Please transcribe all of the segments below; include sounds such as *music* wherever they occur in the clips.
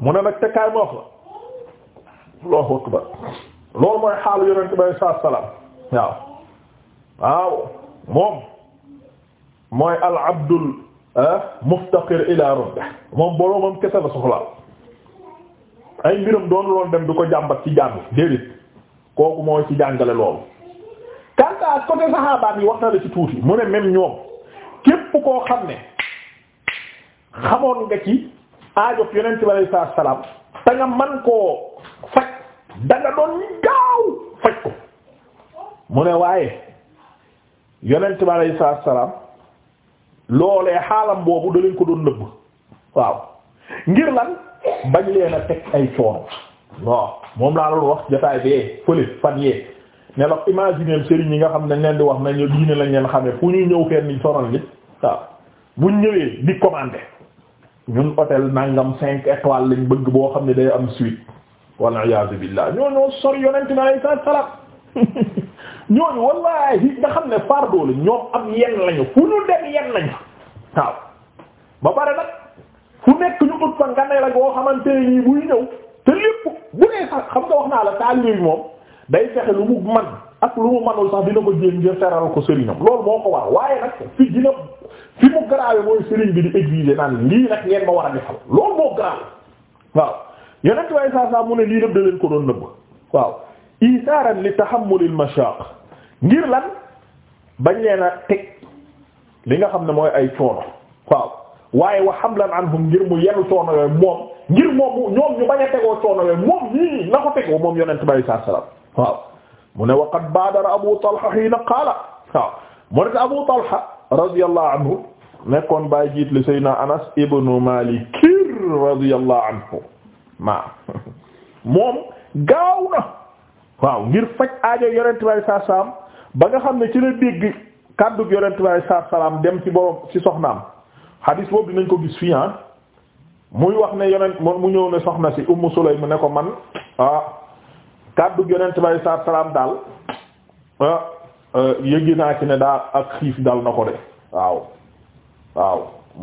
mu ne nag te kaay ma wax la Allahu akbar loolu mooy xaalu yonent bi alayhi salaatu salaam waaw waaw moom mooy al abdul ah, muftaqir ila rabbihi moom boroomam kese la soxlaal ay mbiram doon loolu dem du ko jàmbat ci jàmbi déedéet kooku mooy ci jàngale loolu kantaa côté saxaabaan yi wax na ci tuuti mu ne même ñoom képp koo xam ne xamoon nga ci aajof yonent bi alayhi salaatu salaam te man koo faj da doon gaaw faj ko mu ne waaye yonent bi alayhi salaatu salaam loolee xaalam boobu da leen ko doon nëbb waaw ngir lan bañ leen a teg ay coono waaw moom laa doon wax jotaay bi fële fan yee ne la imaginer sëriñ yi nga xam ne leen di wax nañu diine lañ leen xamee fu ñuy ñëw fenn sonal nit waaw buñ ñëwee di commander. ñun hôtel nangam cinq étoiles lañ bëgg boo xam ne day am suite walla iyaazu billaah ñooñoo sori yonent bi alayhi salaam *laughs* ñooñu wallaahi nga xam ne fardo la ñoo am yenn lañu fu ñu dem yenn lañu waaw ba pare nag fu nekk ñu ut fa nga ne la boo xamante nii buy ñëw te lépp bu dee sax xam nga wax naa la taalibe bi moom day fexe lu mu man ak lu mu manul sax dina ko jéem ngir teral ko sëriñam loolu moo ko war waaye nag fi dina fi mu garaawe mooy sëriñ bi di exiger naan lii nag ngeen ma war a defal loolu moo garaawe waaw yeneen waaye saa saa mu ne lii lépp da leen ko doon nëbb waaw isaaran li tahammulil mashaq ngir lan bañ leen a teg li nga xam ne mooy ay coono waaw waaye wa hamlan anhum ngir mu yenu coono yooyu moom ngir moom ñoom ñu bañ a tegoo coono yooyu moom nii na mu ne waqad baadara Abu Talha hiina qaala waaw mu ne Abu Talha radiyallahu anhu nekkoon bàyyi jiit li Seydina Anas ibnu Maalik radiyallahu anhu ma moom gaaw na waaw ngir faj aajo yonent bi saa salaam ba nga xam ne ci la dégg kàddu yonent bi saa salaam dem ci borom ci soxnaam hadis boobu dinañ ko gis fii ah muy wax ne yonent mu ñëw ne soxna si Ummu Sulaym mu ne ko man ah, kàddu yonent bi saa salaam daal ah, ah naa ci ne daal ak xiif dal na ko de waaw waaw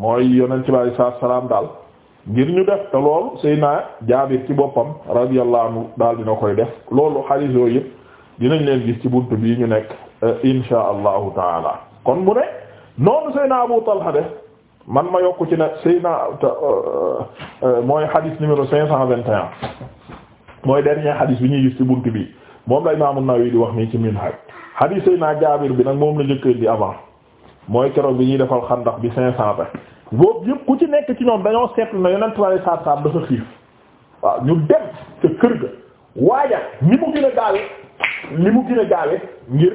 mooy yonent bi saa salaam daal ngir ñu def te loolu Seydina Jaabir ci boppam radiyallahu anhu daal dina koy def loolu xaalis yooyu yëpp dinañ leen gis ci bunt bii ñu nekk eh, insha allahu taala kon mu ne noonu Seydina Abu Talha def man ma yokk ci ne Seydina eh, eh, mooy xadiis numéro cinq cent vingt et mooy dernier xadis bi ñuy gis ci buntu bi moom la Imaam An-Nawawi di wax nii ci Minhaj xadis Seydina Jaabir bi nag moom la njëkk di avant mooy keroog bi ñuy defal xandax bi cinq cent ba boobu ku ci nekk ci ñoom dañoo seetlu na Yonent Yàlla saab saab dafa xiif waaw ñu dem ca kër ga waaja ni mu gën gaawe li mu gën gaawe ngir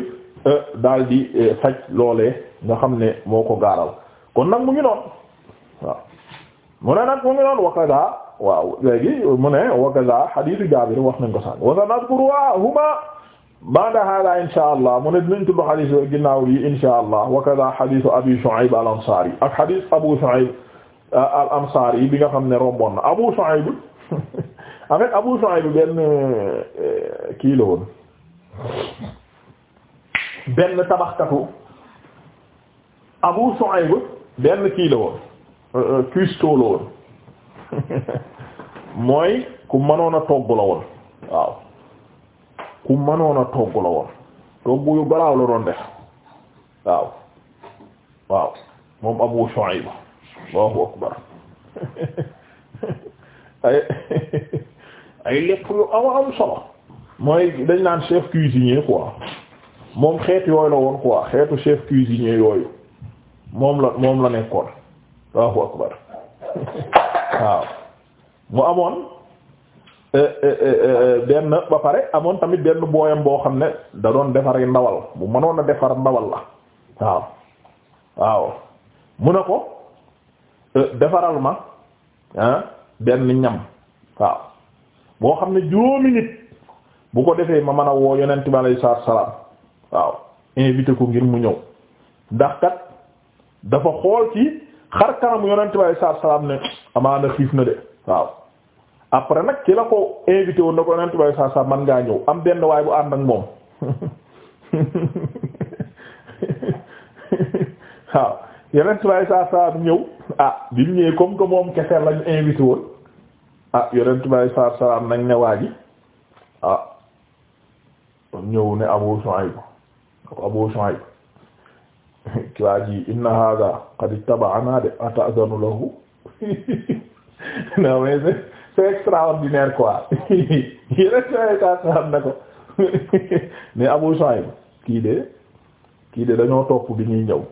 euh, daal di euh, faj loolee nga xam ne moo ko gaaral kon nag mu ngi noonu waaw mu ne nag mu ngi noon waaw léegi mu ne wakaza hadithu Jaabir wax nañ ko sànq wa sanadkuruhuma ba'da hada insha allah mu ne dinañ tudd hadith yooyu ginnaaw yi insha allah wakaza hadithu Abi Shu'ayb al ak hadith Abu Shu'ayb euh, al bi nga xam ne romboon na Abu Shu'ayb *laughs* en fait euh, Abu Shu'ayb benn kii la woon Abu Shu'ayb benn kii Euh, euh, cuistot la *laughs* mooy ku mënoon a togg la woon waaw ku mënoon a togg la woon togg yu garaaw la doon def waaw waaw moom Abu Shuayb Allahu akbar *laughs* ay ay lekk yu am am solo mooy dañ naan chef cuisinier quoi moom xeet yooyu la woon quoi xeetu chef cuisinier yooyu moom la moom la nekkoon Allahu akbar waaw mu amoon eh, eh, eh, benn ba pare amoon tamit benn booyam boo xam ne da doon defar ndawal bu mënoon a defar ndawal la waaw waaw mu ne ko defaral ma ah, benn ñam waaw boo xam ne juróomi nit bu ko defee ma mën a woo yonent bi alayhi salaam waaw invité ko ngir mu ñëw ndax kat dafa xool ci xar kanam yonent bi alayhi salaam ne amaana xiif na de waaw après nag ki la ko invité woon na ko yonent bi salaam man ngaa ñëw am benn waay bu ànd ak moom *laughs* waaw yonent bi alayhi salaatu salaam ñëw ah bi mu ñëwee comme que moom kese lañ invité woon ah yonent bi alayhi salaam nañ ne waa ji ah ñëw ne Abu Shuayb ko Abu Shuayb *laughs* waa ji inna hadha qad ittaba'ana de ata'zanu lahu *laughs* non mais c'est extraordinaire quoi *laughs* yéen saa saam ne ko mais Abu Sa'id kii de kii de dañoo topp bi ñuy ñëw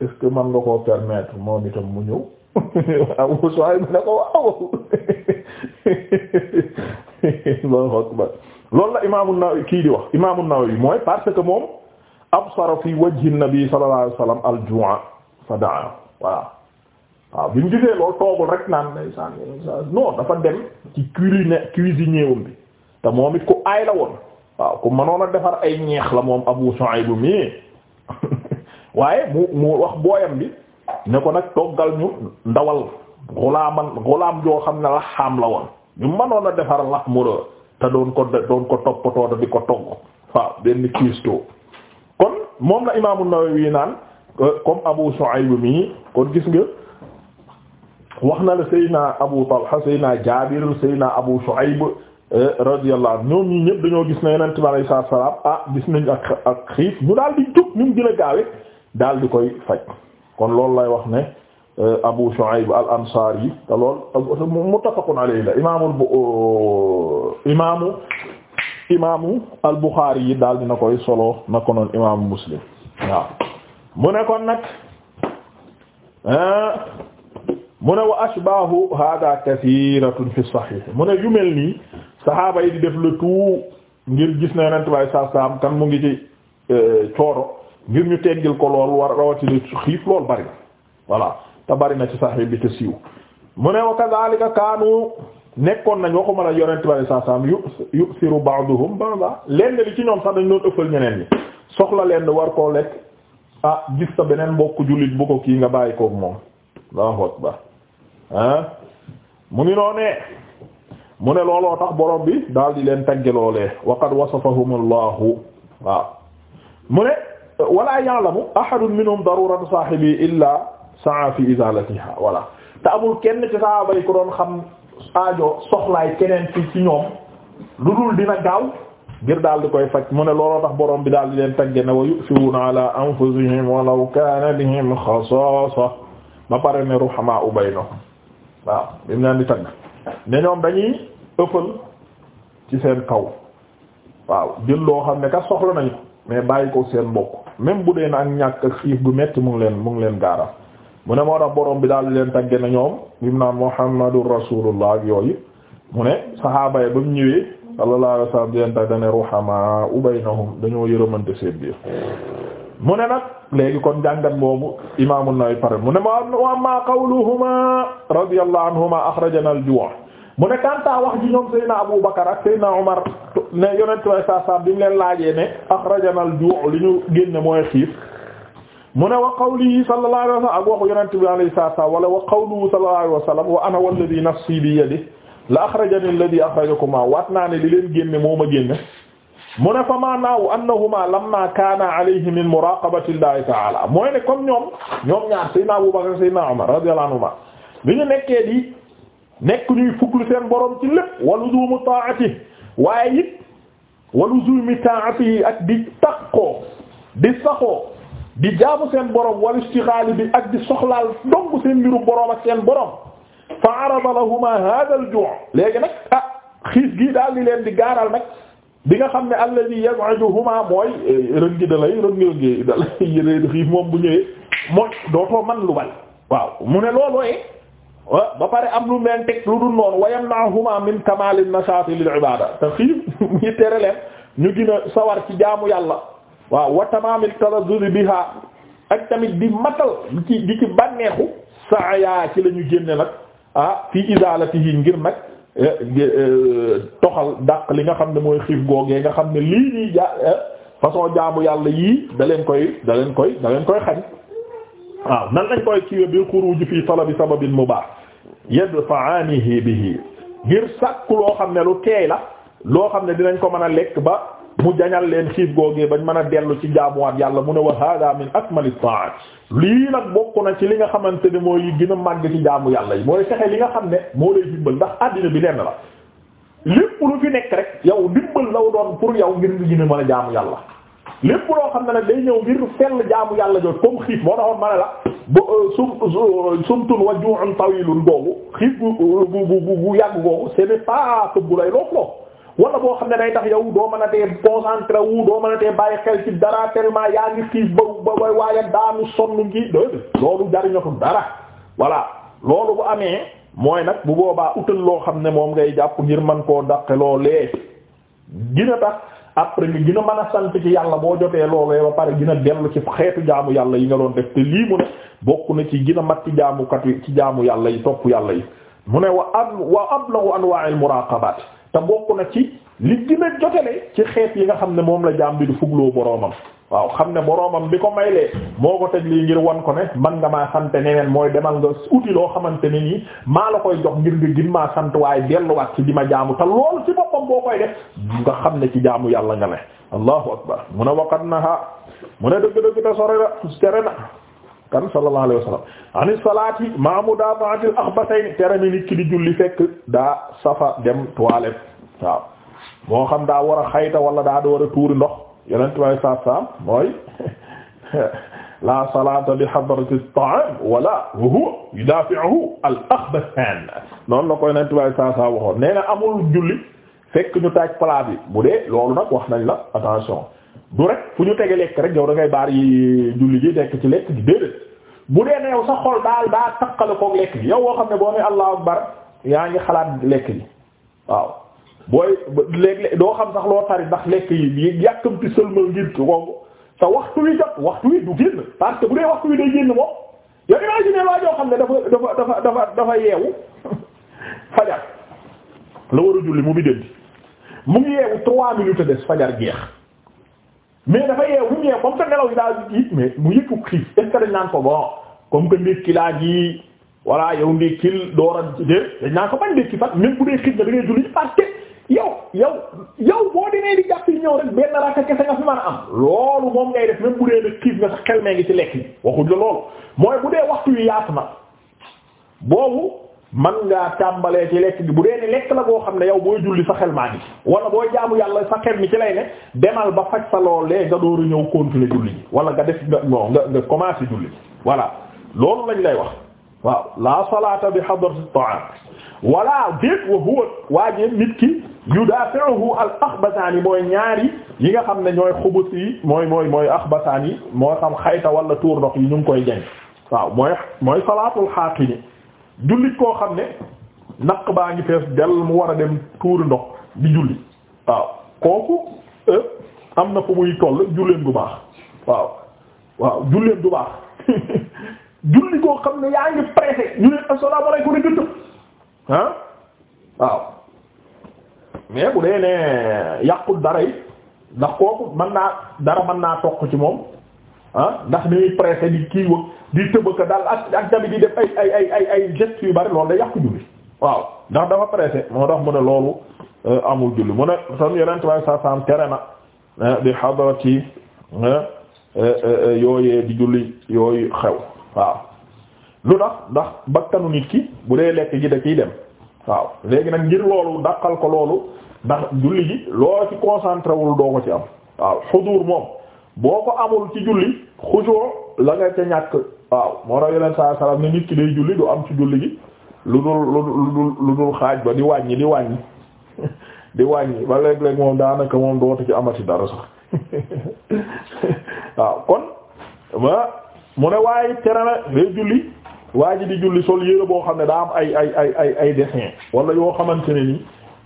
est-ce man nga koo permettre moom itam mu ñëw Abu Sa'id ne ko waaw loolu la Imaamu Nawawi kii di wax Imaamu Nawawi mooy parce que moom. absara fi wajhi nabi sallallahu alayhi wasallam al-ju'a fa da'a voilà waaw bi mu gisee loolu toogul rek naan day saan non dafa dem ci cuisine cuisinier bi te moom it ku aay la woon waaw ku mënoon a defar ay ñeex la moom Abu Shu'ayb mi *laughs* waaye mu mu wax booyam bi ne ko nag toggal ñu ndawal xulaaman xulaam joo xam ne laxaam la woon ñu mënoon a defar la mu te doon ko doon ko toppatoo di ko togg waaw benn cuistot moom la imaamu Nawawi naan euh, comme Abu Shuayb mi kon gis nga wax na la Seydina Abu Talha Seydina Jaabir Seydina Abu Shuayb euh, radiyallahu anhu ñoom ñi dañoo gis na Yonent bi alayhi salaam ah gis nañ ak ak xiif ñu daal di jóg ñu mu gën daal di koy faj kon loolu lay wax ne euh, Abu Shuayb al Ansaari te lool muttafaqun alayhi la imaamu imaamu imaamu al Buxaari yi daal dina koy solo na ko noon imaamu Muslim waaw mu ne kon nag mu ne wa ashbaahu hada kathiratun fi sahih mu ne yu mel nii saxaaba yi di def le tout ngir gis na yonent baay saa saam kan mu ngi ci euh, cooro ngir ñu teggil ko lool war rawatina xiif lool bari na voilà te bari na ci sahih bi te siiw mu ne wa kadhalika kaanu nekkoon nañ waxuma la yonent bari saa saam yu yu siru ba'duhum ba'da lenn li ci ñoom sax dañ doon ëppal ñeneen ñi soxla lenn war koo lekk ah gis sa beneen mbokk jullit bu ko kii nga bàyyi koog moom Allahu akbar ah mu ngi noonee mu ne looloo tax borom bi daal di leen tagge loolee wa qad wasafahum allahu waaw mu ne wala ya'lamu ahadun minhum darurata saahibi illa sa'a fi izalatiha voilà te amul kenn ci sahaaba yi ko doon xam aajo soxlaay keneen ci ci ñoom lu dul dina gaaw ngir daal di koy faj mu ne looloo tax boroom bi daal di leen tagge ne wa yu'fiwuna ala anfusihim wa law kana bihim xasaasa ba pare ne ruhamaa baynahum waaw bi mu leen di tagg ne ñoom dañuy ëppal ci seen kaw waaw jël loo xam ne ka soxla nañu mais bàyyi ko seen bokk même bu dee na ak ñàkk ak xiif gu metti mu leen mu leen gaaral mu ne moo tax bi daal di leen tagge na ñoom bi mu naan ak yooyu mu ne saxaaba yi ba mu ñëwee sallallahu alayhi wasallam ne mu ne nag léegi kon jàngat boobu imaamu Nawawi pare mu ne wa ma qawluhuma radiyallahu anhuma akhrajana al mu ne kanta wax ji ñoom Seydina Abu Bakar ak Seydina ne yonent way sa sam bi leen laajee ne akhrajana al li ñu génne mooy xiif mu ne wa qawlihi sallallahu alayhi wa sallam ak waxu yonent bi alayhi salaam wala wa qawluhu sallallahu alayhi wa sallam wa ana walladhi nafsi bi yadihi la akhrajani alladhi akhrajakuma waat naa ne li leen génne moo ma génne mu ne fa maanaahu annahuma lamma kaana alayhi min muraqabati llahi ta'ala mooy ne comme ñoom ñoom ñaar Seydina Abu Bakr Seydina Umar radiyallahu anhuma bi ñu nekkee di nekk ñuy fuglu seen borom ci lépp wa luzumu ta'atihi waaye it wa luzumi ta'atihi ak di taqoo di saxoo di jaamu seen borom wal istixaali bi ak di soxlaal dong seen mbiru borom ak seen borom fa arada lahuma hada al ju' léegi nag ah xiis gii daal di leen di gaaral nag bi nga xam ne alladi yab'aduhuma mooy eh, rëngi da lay rëngi da lay xiif moom bu ñëwee mooy dootoo man lu bal waaw mu ne loolooyee eh, ah, ba pare am lu meen teg lu dul noonu wa yamna'uhuma min kamalin nashaati lil ibada te xiif mu *laughs* leen ñu gën sawar ci jaamu yàlla waaw wa tamaamil talazzuz biha ak tamit di matal di ci di ci bànneexu saaya ci la génne nag ah fii izalatihi ngir mag eh, eh, toxal dàq li nga xam ne mooy xiif googee nga xam ne lii nii ja eh, façon jaamu yàlla yii da leen koy da leen koy da leen koy xañ waaw nan lañ koy ci bil xuruj fii talabi sababin mubah yadfa'anihi bihi ngir sàkku loo xam ne lu teey la loo xam ne dinañ ko mën a lekk ba mu jañal leen xiif googee bañ mën a dellu ci jaamuwaat yàlla mu ne wa hada min akmal at-ta'at lii nag bokk na ci li nga xamante ne mooy gën a màgg ci jaamu yàlla yi mooy fexe li nga xam ne moo lay dimbal ndax àddina bi lenn la lépp lu fi nekk rek yow dimbal law doon pour yow ngir nga gën a mën a jaamu yàlla lépp loo xam ne nag day ñëw ngir fell jaamu yàlla jot comme xiif moo taxoon ma ne la ba euh, sum euh, sumtun wa ju'un tawilun googu xiif gu gu gu gu yàgg googu ce n'est bu lay loof wala boo xam ne day tax yow doo mën a tee concentré wu doo mën a tee bàyyi xel ci dara tellement yaa ngi xiif ba ba bay waaye daanu sonn ngi déedéet loolu jariñatul dara voilà loolu bu amee mooy nag bu boobaa utal loo xam ne moom ngay jàpp ngir man koo daqe loolee gina tax après nga gën a mën a sant ci yàlla boo jotee loolee ba pare gën a dellu ci xeetu jaamu yàlla yi nga doon def te lii mu ne bokk na ci gën a mat ci jaamukat ci jaamu yàlla yi topp yàlla yi mu ne wa ab te bokk na ci li gën a jotale ci xeet yi nga xam ne moom la jaam bi du fugloo boroomam waaw xam ne boroomam bi ko maylee moo ko teg lii ngir wan ko ne man nga maa sant neneen mooy demal nga uti loo xamante ne nii maa la koy jox ngir nga gin maa sant waaye delluwaat ci di ma jaamu te loolu ci boppam boo koy def nga xam ne ci jaamu yàlla nga ne allahu akbar mun a waqat na ha mun a dëgg-dëgg te sore na sore na kan sallallahu alayhi wa sallam ani salaati ma mudafa'atil akhbathayn tere mi nit ki di julli fekk daa safa dem toilette waaw moo xam daa war a xayta wala daa di war a tuuri ndox yenent way sa sam mooy la *laughs* salata li hadrati at-ta'am wala wa huwa la ko yenent way sa sam waxoon nee amul julli fekk ñu taaj plat bi bu dee loolu nag wax nañ la attention du rek fu ñu tegee lekk rek yow da baar yi julli ji nekk ci lekk gi déedéet bu dee ne yow sa xol daal daa takkale koog lekk gi yow woo xam ne boo ne allahu akbar yaa ngi xalaat lekk gi waaw booy léeg doo xam sax loo tari ndax lekk yi yàkkamti sëlmal ngir ko te waxtu wi jot waxtu wi du génn parce que bu dee waxtu wi day génn moom yow imagine waa joo xam ne dafa dafa dafa dafa dafa yeewu *laughs* fajar la war julli mu bi dënd mu fajar jeex mais dafa yeew bu ñu yeew comme que nelaw yi daal di it mu yëkku xiif est ce que dañ naan ko bon comme que ndékki laa ji voilà yow ndékkil door a dé dañ naan ko bañ ndékki fat même bu dee xiif nga da ngay julli parce que yow yow yow boo demee di jàpp yi ñëw rek benn rakka kese nga fi mën a am loolu moom ngay def même bu dee nag xiif nga sax xel mee ngi ci lekk bi waxuñ la loolu mooy bu dee waxtu yu yaatu na boobu man ngaa tàmbalee ci lekk gi bu dee ne lekk la boo xam ne yow booy julli sa xel maa ngi wala booy jaamu yàlla sa xel mi ci lay ne demal ba faj sa loolee nga door a ñëw continuer julli ji wala nga def nga nga nga commencer julli voilà loolu lañ lay wax waaw laa salata bi hadrati ta'am wala déet wa huwa waaje nit ki yudafi'uhu al akhbasani mooy ñaari yi nga xam ne ñooy xubus yi mooy mooy mooy akhbasani moo xam xayta wala tuur ndox yi ñu ngi koy jeng waaw mooy mooy salatul xaaqini jullit koo xam ne naq baa ngi fees dell mu war a dem tuuri ndox di julli waaw kooku euh, am na fu muy toll julleen du baax waaw waaw julleen du baax *laughs* julli koo xam ne yaa ngi pressé ñu ne assalaamu alaykum rek dëdd ah waaw mais bu dee ne yàqul dara yi ndax kooku man naa dara mën naa toq ci moom ah ndax dañuy pressé di kii wa di tëbaka daal ak ak tamit di def ay ay ay ay ay yu bari loolu day yàq julli waaw ndax dafa pressé moo tax mu ne loolu euh, amul julli mu ne son yeneen way sa sam tere na euh, di xadara ci euh, yooyee di julli yooyu xew waaw lu tax ndax bakkanu nit ki bu dee lekk gi de ciy dem waaw léegi nag ngir loolu dàqal ko loolu ndax julli gi loo ci concentré wul doo ko ci am waaw xudur moom boo ko amul ci julli xusoo la nga ca ñàkk waaw moo tax yeneen saa salaam ne nit ki day julli du am ci julli gi lu dul lu dul lu dul xaaj ba di wàññi di wàññi *laughs* di wàññi ba léeg-léeg moom daanaka moom dootu ci amati dara sax *laughs* waaw kon ma mu ne waaye tere na day julli waa ji di julli sol yére boo xam ne daa am ay ay ay ay ay dessin wala yoo xamante ne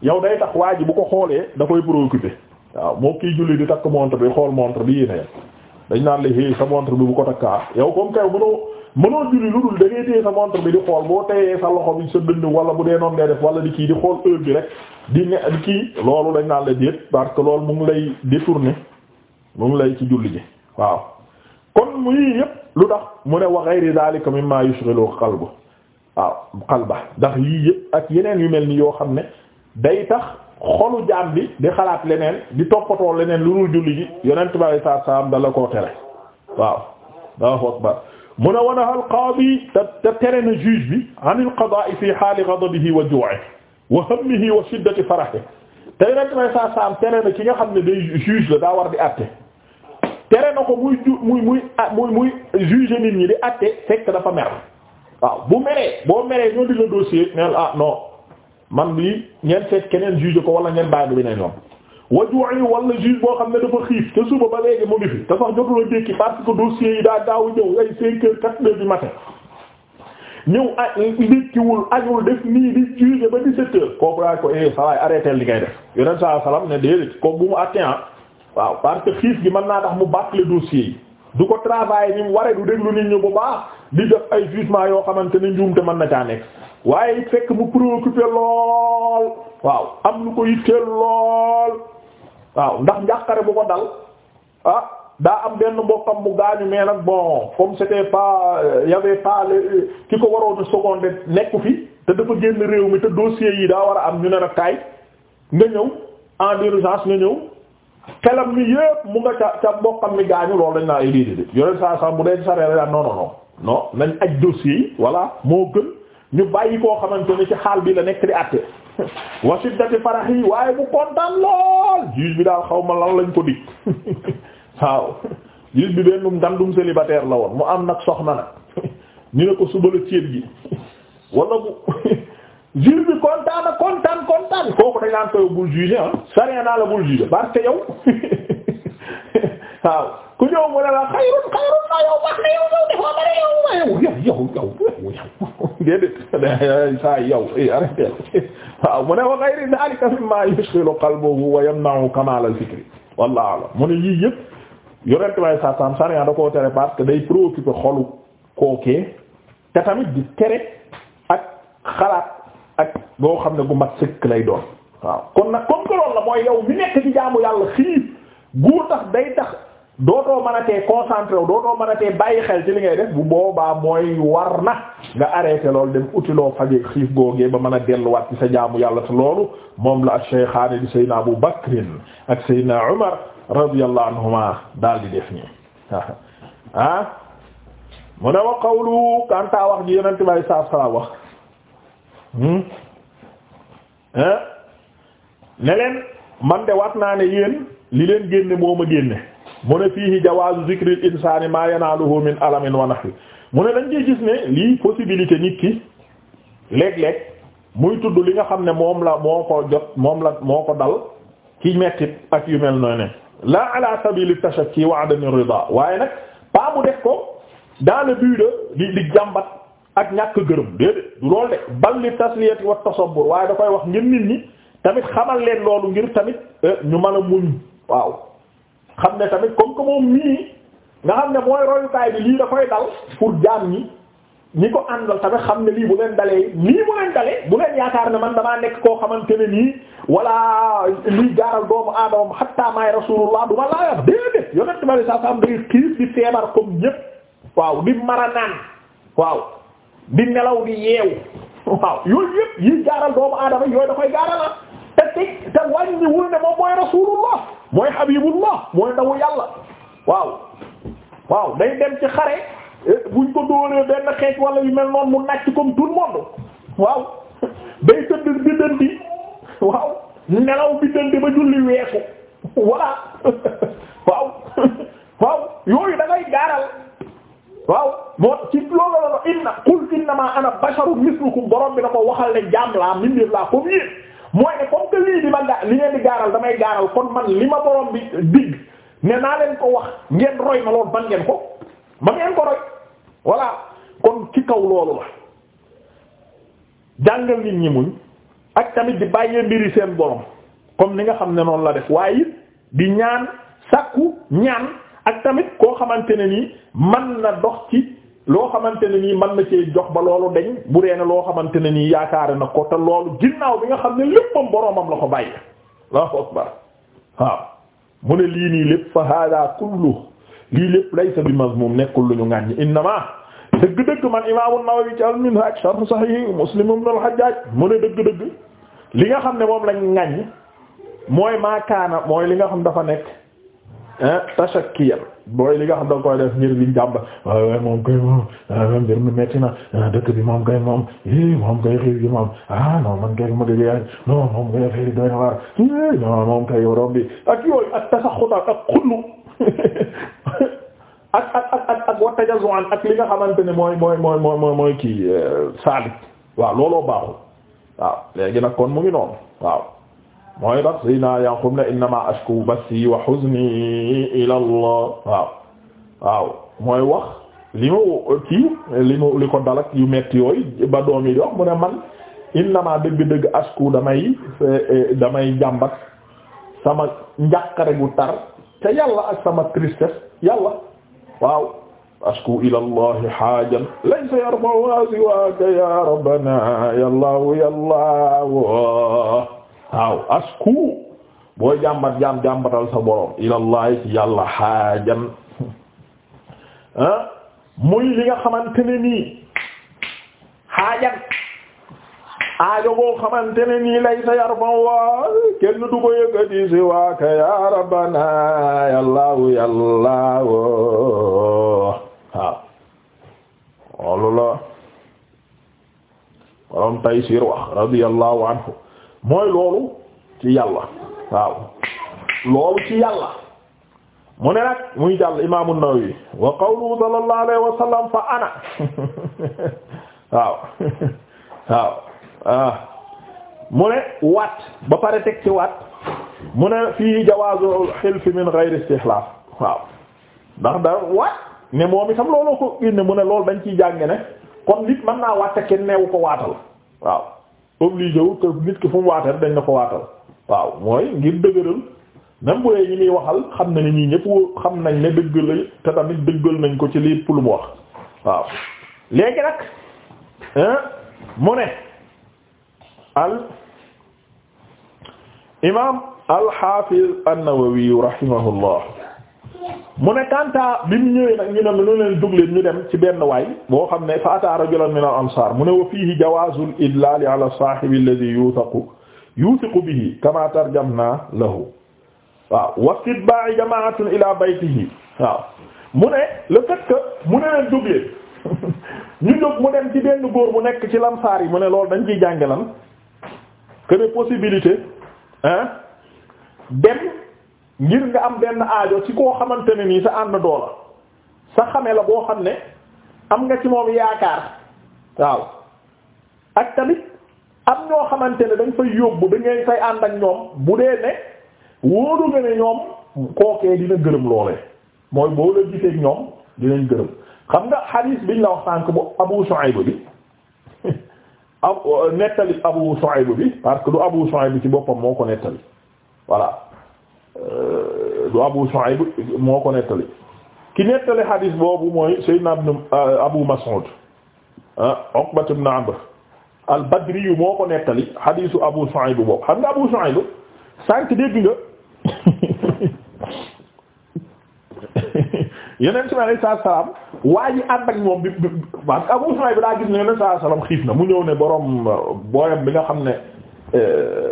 yow day tax waa ji bu ko xoolee da koy préoccupé waaw moo kii julli di takk montre bi xool montre bi yéene dañ naan la xëy sa montre bi bu ko takkaa yow comme kay mënoo mënoo julli lu dul da ngay sa montre bi di xool boo teyee sa loxo bi sa dënd wala bu dee noonu ngay def wala di kii di xool heure bi rek di ne di kii loolu dañ naan la déet parce que loolu mu ngi lay détourner mu ngi lay ci julli ji waaw kon muy yépp lu tax mu ne wa ghayri dhalika mimma yushghilu qalbu waaw qalba ndax yii yépp ak yeneen yu mel ni yoo xam ne day tax xolu jaam bi di xalaat leneen di toppatoo leneen lu dul julli ji yonent bi alayhi salaatu salaam dala koo tere waaw Allahu akbar mu ne wanaha al qaadi te te tere na juge bi an al i fi haali ghadabihi wa juu'ihi wa hammihi wa shiddati farahihi te yonent bi alayhi salaatu tere na ki nga xam ne day juge la daa war di àtte tere na ko muy ju muy muy muy muy juge nit ñi di àtte fekk dafa mer waaw bu meree boo meree ñoo di la dossier neel ah non man bii ngeen seet keneen juge ko wala ngeen bàyyi bi ne ñoom wajuwaay wala juge boo xam ne dafa xiif te suba ba léegi mu ngi fi te sax jotuloo dékki parce que dossiers yi daa daaw ñëw ay cinq heures quatre heures du matin ñëw a ndékkiwul añul def nii di juge ba dix-sept heures kooku ko eh salaay arrêté li ngay def yeneen saa salaam ne déedéet kooku bu mu àttee ah. waaw parce que xiif gi man naa tax mu bâcler dossier yi du ko travailler ni mu waree du déglu nit ñu ay jugement yoo xamante ne njuumte mën na caa nekk. waaye it fekk mu préoccupé lool waaw am lu ko yitteel lool waaw ndax njàqare bu ko dal ah daa am benn mbokkam bu gaañu mais nag bon comme c'était pas euh, ya avait pas euh, ki ko waroon a seconder nekku fi te dafa génn réew mi te dossier yi daa war a am ñu ne nag kaay nga ñëw en urgence nga ñëw xelam mi yépp mu nga ca ca mbokkam mi gaañu loolu dañ naa ay déedéet yore saa saa bu dee saree la non non non non nañ aj dossier yi voilà moo gën. ñu bàyyi koo xamante ne ci xaal bi la nekk di àtte *laughs* wa shiddati farah yi waaye bu kontaan lool juge bi daal xaw ma lan lañ ko dig *laughs* waaw juge bi bennum ngandum célibataire la woon mu am nag soxna nag *laughs* ñu ne ko suba la céet gi wala bu juge bi kontaan na kontaan kooku dañ naan koy bul juge ah. saree naa la bul juge parce que yow waaw ku ñëw mu ne la xayrun xayrun na yow wax na yow yow defoo bari yow yow yow yow yow yow *laughs* déedéet *laughs* saa yow eh, arrêté *laughs* waaw mu ne wa xayri daalika mimmaa yushghilu qalbahu wa yamna'u kamaal al-fikri wallaahu a'lam mu ne yii yëpp yorete waay saa saam sànni da koo tere parce que day préoccupé xolu kookee te tamit di tere ak xalaat ak boo xam ne gu mat sëkk lay doon waaw kon nag comme que loolu la mooy yow mi nekk ci jaamu yàlla xiif gu tax day tax. dootoo mën a tee concentré wu dootoo mën a tee bàyyi xel ci li ngay def bu boobaa mooy war na nga arrêté loolu dem utiloo faje xiif googee ba mën a delluwaat ci sa jaamu yàlla sa loolu moom la ak di Seydina Abu Bakrin ak Seydina Umar radiyallahu anhuma daal di def nii *laughs* ah mu ne wa qawlu kanta wax ji yonente bi alei saatu salaam wax hmm? eh? ne leen man de waat naa ne yéen li leen génne moo ma génne mu ne fiihi jawaazu zikril insaani maa yanaaluhu min alamin wa nahwi mu ne dañ ciy gis ne lii possibilité nit ki léeg-léeg muy tudd li nga xam ne moom la moo ko jot moom la moo ko dal ci mettit ak yu mel noonu ne la ala sabili ci wa adami rida waaye nag pas mu def ko dans le de di di jàmbat ak ñàkk gërëm déedéet du loolu de bal li tasliyati wa tasabbur waaye da koy wax ngir nit ñi tamit xamal leen loolu ngir tamit euh, ñu mën a muñ waaw xam ne tamit comme que moom mii nga xam ne mooy royukaay bi lii da koy dal pour jaam ñi ñi ko àndal tamit xam ne lii bu leen dalee lii bu leen dalee bu leen yaakaar ne man damaa nekk koo xamante ne nii wala lii gaaral doomu aadama xatta maay rasulullah du ma laaya déedéet yonent bi saa saa am day xiif di feebar comme ñépp waaw di maranaan waaw di nelaw di yeewu waaw yooyu yépp yi gaaral doomu aadama yooyu da koy gaaral teg te wàññiwul ne moom mooy rasulullah mooy habibullah mooy ndawu yàlla waaw waaw day dem ci xare buñ ko dóoree benn xeec wala yu mel noonu mu nàcc comme tout le monde waaw day tëdd bi waaw nelaw bi ba julli weesu voilà waaw waaw yooyu da ngay gaaral waaw moo ci loolu la inna qul innama ana basharun mislukum borom bi na ko waxal ne jaam laa mbindeef laa comme yéen mooy ne comme que lii di ma ga li ngeen di gaaral damay gaaral kon man li ma borom bi digg ne naa leen ko wax ngeen roy ma loolu ban ngeen ko ma ngeen ko roy voilà kon ci kaw loolu la jàngal nit ñi muñ ak tamit di bàyyee mbiri seen borom comme ni nga xam ne noonu la def waaye it di ñaan sàkku ñaan ak tamit koo xamante ne nii man na dox ci loo xamante ne nii man na cee jox ba loolu deñ bu dee loo xamante ne nii yaakaar na ko te loolu ginnaaw bi nga xam ne léppam boroomam la ko bàyyi Allahu akbar waaw ne lii nii lépp fa hada kullu lii lépp nekkul lu ñu ngàññi innama dëgg-dëgg man imaamu Nawawi ci al-Minhaj sharh Sahih Muslim ibn al-Hajjaj mu ne dëgg-dëgg li nga xam ne moom lañ ngàññ mooy maakaana mooy li nga xam dafa nekk eh, tashakkiyan booy li nga xam da nga koy def ngir liñ jàmb moom kay moom ah, mbir mi na ah, bi moom kay moom i eh, moom kay xiif gi moom ah non man kay mag yaay non moom kay affaire yi na waar eh, non moom kay yorom ak yooyu *laughs* ak ak ak ak ak ak ak watajazuan ak li nga xamante ne mooy mooy mooy mooy mooy mooy kii eh, saalit waaw looloo baaxul waaw léegi nag kon mu ngi noonu waaw mooy tax Seydina Yaqub ne innama ashku bassi wa huzni ila Allah mooy wax li ma kii li dalak yu metti yooyu ba doom yi mu ne man innama dëgg-dëgg ashku damay damay jàmbat sama njàqare gu tar te yàlla haajan laysa yarfa'uha siwaaka ya rabbana yallahu yallahu waaw asku booy jàmbat jaam jàmbatal sa borom ilallahi ci yàlla xaajan ah, muy li nga xamante ne nii xaajan aajo boo xamante ne nii lay waa kenn du ko yëkkati si waaka ya rabbana yàllaahu yàllaahu waaw loolu la borom Taysiir wax radiyallahu anhu mooy loolu ci yàlla waaw loolu ci yàlla mu ne nag muy jàll imaamu Nawawi wa qawluhu sallallahu alayhi fa ana *laughs* waaw *laughs* waaw ah mu ne waat ba pare teg ci waat mu ne fii jawaazu xilf min ghayri waaw ndax da waat ne moom itam looloo ko génne mu ne loolu dañ ciy jànge ne kon nit mën naa waat te kenn neewu ko waatal waaw obligé wu te nit ki fu mu waatal dañ na ko waatal waaw mooy ngir dëgëral même bu dee ñi muy waxal xam na ne ñii ñëpp xam nañ ne dëgg la te tamit dëggal nañ ko ci lépp lu mu wax waaw léegi nag mu ne al imaam al xaafiz an-Nawawi rahimahullah mu ne Kanta bi mu ñëwee nag ñu ne ñu leen dugleen ñu dem ci benn waay boo xam ne fa ata rajulan min al mu ne wa fiihi jawaazul idlaali ala saahibi alladhi yuthaqu yuthiqu bihi kama tarjamna lahu waaw wa istitbaa'i jamaa'atun ila baytihi waaw mu ne la fait mu ne leen dugleen *laughs* ñu jóg mu dem ci benn góor mu nekk ci lamsaar yi mu ne loolu dañ ciy jànge lan que possibilité hein dem ngir nga am benn aajo ci koo xamante ne nii sa ànd doola sa xame la boo xam ne am nga ci moom yaakaar waaw ak tamit am ñoo xamante ne dañ fay yóbbu da ngay fay ànd ak ñoom bu dee ne wóoru nga ne ñoom kookee dina gërëm loolee mooy boo la gisee ak ñoom dinañ gërëm xam nga hadith biñ la wax sànk bu Abu Shu'ayb bi *laughs* ab euh, nettali Abu Shu'ayb bi parce que du Abu Shu'ayb bi ci boppam moo ko nettali voilà euh, du Abu Shu'ayb moo ko nettali ki nettali xadiis boobu mooy Seydina euh, Abu Mas'ud ah, Uqba ibn Amr al-Badri yu moo ko nettali xadiisu Abu Shu'ayb boobu xam nga Abu Shu'ayb sànq dégg nga yeneen suma alay saa salaam waa ji ànd ak moom bi bi parce que Abu Shu'ayb daa gis ne yeneen saa salaam xiif na mu ñëw ne borom euh, booyam bi nga xam ne euh,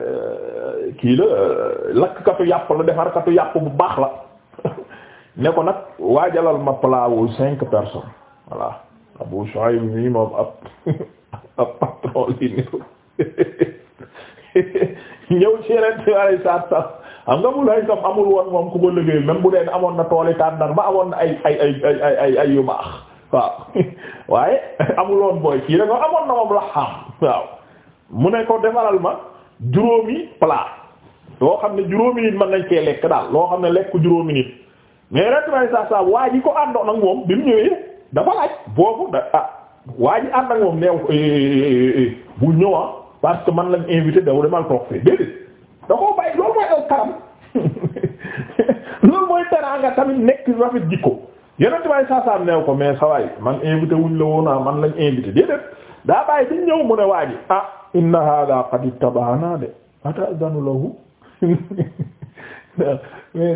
kii la euh, lakkatu yàpp la defarkatu yàpp bu baax la *laughs* ne ko nag waajalal ma palaawu cinq personnes voilà Abu Shuayb mi moom ab *laughs* ab patron li niru *laughs* ñëw ci yeneen ci ay saat sax xam nga mu lay sam amul woon moom ku ko liggéey même bu deen amoon na tooli tàndar ba amoon na ay ay ay ay yu baax waaw waaye amul woon booy kii rek amoon na moom la xam waaw mu ne ko defaral ma juróomi plat loo xam ne juróomi nit mën nañ cee lekk daal loo xam ne lekk juróomi nit mais rek may saa saa waa ji ko àndoon ak moom bi ñëwee dafa laaj boobu da ah waa ji ànd ak moom neew bu ñëwa parce que man lañ invité daw demal toog fee déedéet *laughs* ko mais sa waay wuñ la ah, man lañ invité daa bàyyi bi ñëw mu ne waa ji ah inna hada qad tabana de atazanu lahu mais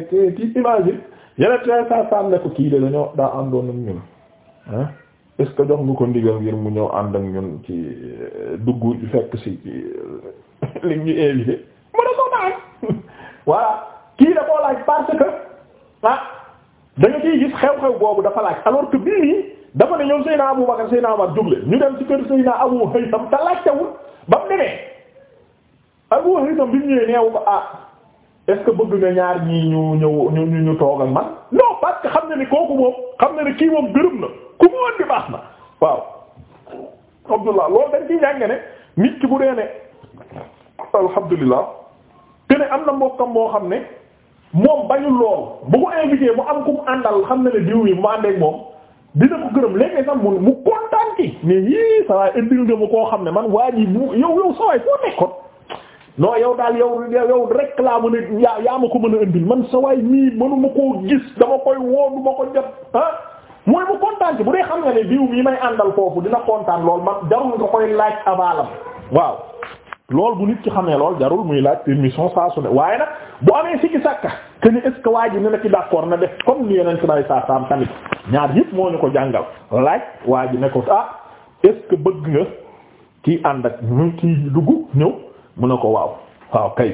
ci image yeneen saa saa saam ne ko kii de dañoo daa àndoon ak ñun ah est-ce que jox nga ko ndigal ngir mu ñëw ànd ak ñun ci euh, dugg fekk si euh, *laughs* li ñu invité mu ne ko naan *laughs* kii da laaj parce que ah da nga gis xew-xew boobu dafa laaj alors que bii nii dafa ne ñoom Seydina Abu Bakar Seydina Umar jógle ñu dem ci kër Seydina Abu Haytham te laajtewul ba mu demee. Abu Haytham bi mu ñëwee neewu ko ah est-ce que bëgg nga ñaar ñii ñu ñëw ñu ñu toog ak man non parce que xam na ni kooku moom xam na ni kii moom gërëm na ku mu baax na waaw. Abdullah ne nit ki bu dee ne am na mbokkam moo xam ne moom bañul lool bu ko invité mu am ku mu àndal xam na ne diw yi mu àndeek moom dina ko gërëm léegi sax mu mu kontaan yii saa waay indil nga koo xam ne man waa ji bu yow yow saa foo nekkoon. non yow daal yow yow rek laa mën a yaa yaa ma ko mën a indil man sa waay mii mënuma koo gis dama koy woo ko jot ah mooy mu kontaan ci bu dee xam nga ne diw mii may àndal foofu dina kontaan lool man jarul nga koy laaj avalam waaw lool bu nit xam ne lool jarul muy laaj permission saa su ne waaye nag bu amee sikki sàkka que ni waa ji ne na ci d'accord na def comme ni yeneen si may saa saam tamit ñaar yëpp moo ñu ko jàngal laaj waa ji ne ko ah est ce que bëgg nga kii dugg ñëw. mu ne ko waaw waaw kay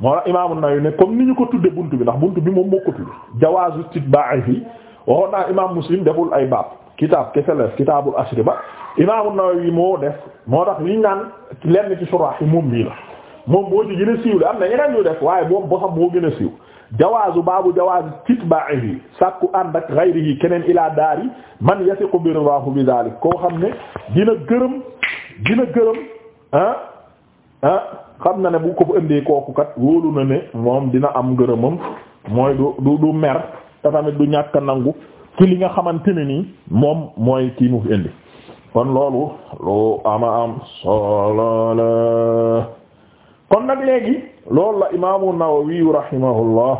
moo la Imaam An-Nawawi ne comme ni ñu ko tuddee bunt bi ndax bunt bi moom moo ko tudde jawaazu istitbaa'ihi waxoon naa Imaam Muslim deful ay baab kitaab kese la kitaabul ashriba Imaam An-Nawawi moo def moo tax liñ naan lenn ci suraax yi moom mii la moom boo ci gën a siiw la am na ñeneen ñu def waaye boobu boo xam moo gën a siiw jawaazu baabu jawaazu titbaa'ihi sàkku ànd ak ghayrihi keneen ilaa daari man yasiqu bi ridaahu bi daalik koo xam ne dina gërëm dina gërëm ah ah xam na ne bu ko fa indee kooku kat wóolu na ne moom dina am moom mooy du du mer te tamit du ñàkk nangu ci li nga xamante ne nii moom mooy kii mu fi indi kon loolu lu ama am solo la kon nag léegi loolu la imaamu Nawawi rahimahullah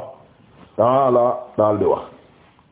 taala daal di wax.